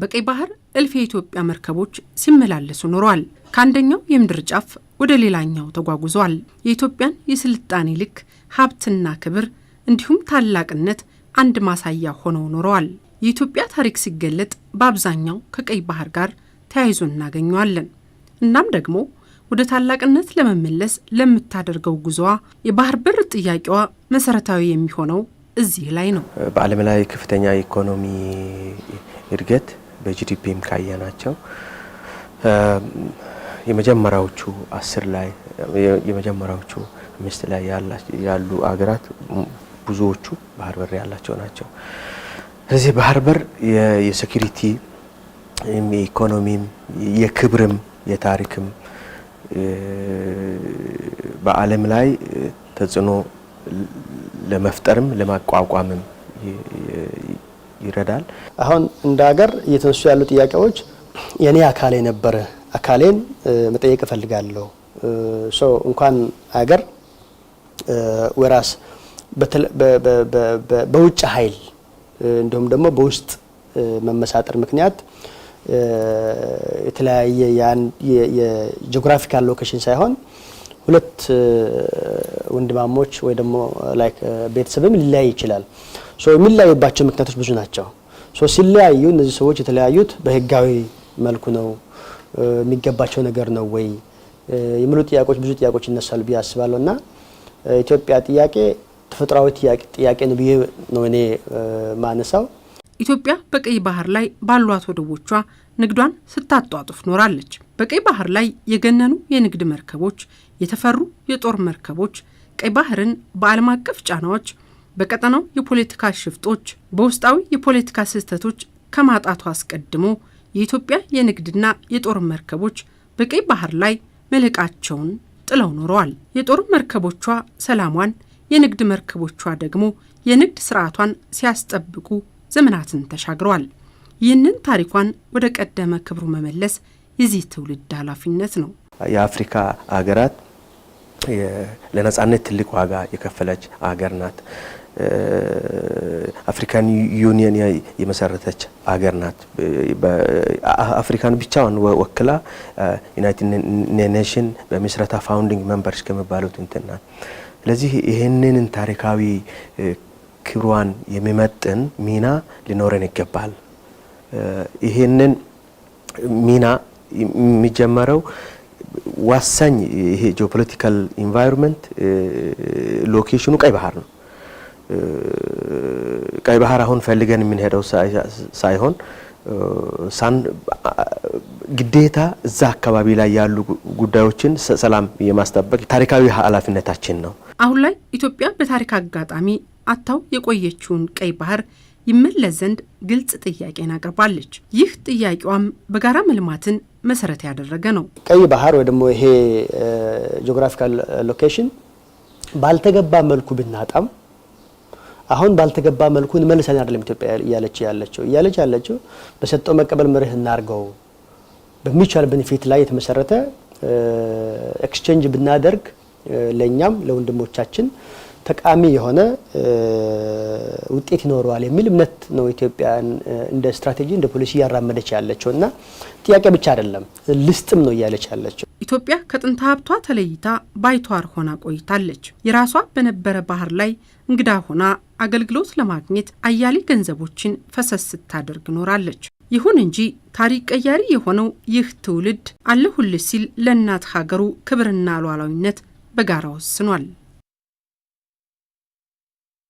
በቀይ ባህር እልፍ የኢትዮጵያ መርከቦች ሲመላለሱ ኖረዋል። ከአንደኛው የምድር ጫፍ ወደ ሌላኛው ተጓጉዘዋል። የኢትዮጵያን የስልጣኔ ልክ ሀብትና ክብር እንዲሁም ታላቅነት አንድ ማሳያ ሆነው ኖረዋል። የኢትዮጵያ ታሪክ ሲገለጥ በአብዛኛው ከቀይ ባህር ጋር ተያይዞ እናገኘዋለን። እናም ደግሞ ወደ ታላቅነት ለመመለስ ለምታደርገው ጉዞዋ የባህር በር ጥያቄዋ መሰረታዊ የሚሆነው እዚህ ላይ ነው። በዓለም ላይ ከፍተኛ የኢኮኖሚ እድገት በጂዲፒም ካየናቸው የመጀመሪያዎቹ አስር ላይ የመጀመሪያዎቹ አምስት ላይ ያሉ አገራት ብዙዎቹ ባህር በር ያላቸው ናቸው። ስለዚህ ባህር በር የሴኪሪቲ የኢኮኖሚም፣ የክብርም፣ የታሪክም በዓለም ላይ ተጽዕኖ ለመፍጠርም ለማቋቋምም ይረዳል። አሁን እንደ ሀገር እየተነሱ ያሉ ጥያቄዎች የኔ አካል የነበረ አካሌን መጠየቅ እፈልጋለሁ። ሰው እንኳን አገር ወራስ በውጭ ኃይል እንዲሁም ደግሞ በውስጥ መመሳጠር ምክንያት የተለያየ የጂኦግራፊካል ሎኬሽን ሳይሆን ሁለት ወንድማሞች ወይ ደግሞ ላይክ ቤተሰብም ሊለያይ ይችላል። የሚለያዩባቸው ምክንያቶች ብዙ ናቸው። ሲለያዩ እነዚህ ሰዎች የተለያዩት በህጋዊ መልኩ ነው የሚገባቸው ነገር ነው ወይ የሚሉ ጥያቄዎች ብዙ ጥያቄዎች ይነሳሉ ብዬ አስባለሁ እና ኢትዮጵያ ጥያቄ ተፈጥሯዊ ጥያቄ ነው ብዬ ነው እኔ ማነሳው። ኢትዮጵያ በቀይ ባህር ላይ ባሏት ወደቦቿ ንግዷን ስታጧጡፍ ኖራለች። በቀይ ባህር ላይ የገነኑ የንግድ መርከቦች፣ የተፈሩ የጦር መርከቦች ቀይ ባህርን በዓለም አቀፍ ጫናዎች በቀጠናው የፖለቲካ ሽፍጦች በውስጣዊ የፖለቲካ ስህተቶች ከማጣቱ አስቀድሞ የኢትዮጵያ የንግድና የጦር መርከቦች በቀይ ባህር ላይ መልቃቸውን ጥለው ኖረዋል። የጦር መርከቦቿ ሰላሟን፣ የንግድ መርከቦቿ ደግሞ የንግድ ስርዓቷን ሲያስጠብቁ ዘመናትን ተሻግረዋል። ይህንን ታሪኳን ወደ ቀደመ ክብሩ መመለስ የዚህ ትውልድ ኃላፊነት ነው። የአፍሪካ ሀገራት ለነጻነት ትልቅ ዋጋ የከፈለች ሀገር ናት። አፍሪካን ዩኒየን የመሰረተች አገር ናት። አፍሪካን ብቻዋን ወክላ ዩናይትድ ኔሽን በምስረታ ፋውንዲንግ መንበርስ ከሚባሉት እንትን ናት። ስለዚህ ይህንን ታሪካዊ ክብሯን የሚመጥን ሚና ሊኖረን ይገባል። ይህንን ሚና የሚጀመረው ዋሳኝ ይሄ ጂኦፖለቲካል ኢንቫይሮንመንት ሎኬሽኑ ቀይ ባህር ነው። ቀይ ባህር አሁን ፈልገን የምንሄደው ሳይሆን ሳን ግዴታ እዛ አካባቢ ላይ ያሉ ጉዳዮችን ሰላም የማስጠበቅ ታሪካዊ ኃላፊነታችን ነው። አሁን ላይ ኢትዮጵያ በታሪክ አጋጣሚ አታው የቆየችውን ቀይ ባህር ይመለስ ዘንድ ግልጽ ጥያቄን አቅርባለች። ይህ ጥያቄዋም በጋራ መልማትን መሰረት ያደረገ ነው። ቀይ ባህር ወይ ደግሞ ይሄ ጂኦግራፊካል ሎኬሽን ባልተገባ መልኩ ብናጣም አሁን ባልተገባ መልኩ እንመልሰን አይደለም ኢትዮጵያ እያለች ያለችው እያለች ያለችው በሰጠው መቀበል መርህ እናርገው በሚቻል ቤኒፊት ላይ የተመሰረተ ኤክስቼንጅ ብናደርግ ለእኛም ለወንድሞቻችን ጠቃሚ የሆነ ውጤት ይኖረዋል የሚል እምነት ነው ኢትዮጵያን እንደ ስትራቴጂ እንደ ፖሊሲ እያራመደች ያለችው እና ጥያቄ ብቻ አይደለም ልስጥም ነው እያለች ያለችው። ኢትዮጵያ ከጥንተ ሀብቷ ተለይታ ባይቷር ሆና ቆይታለች። የራሷ በነበረ ባህር ላይ እንግዳ ሆና አገልግሎት ለማግኘት አያሌ ገንዘቦችን ፈሰስ ስታደርግ ኖራለች። ይሁን እንጂ ታሪክ ቀያሪ የሆነው ይህ ትውልድ አለሁልሽ ሲል ለእናት ሀገሩ ክብርና ሉዓላዊነት በጋራ ወስኗል።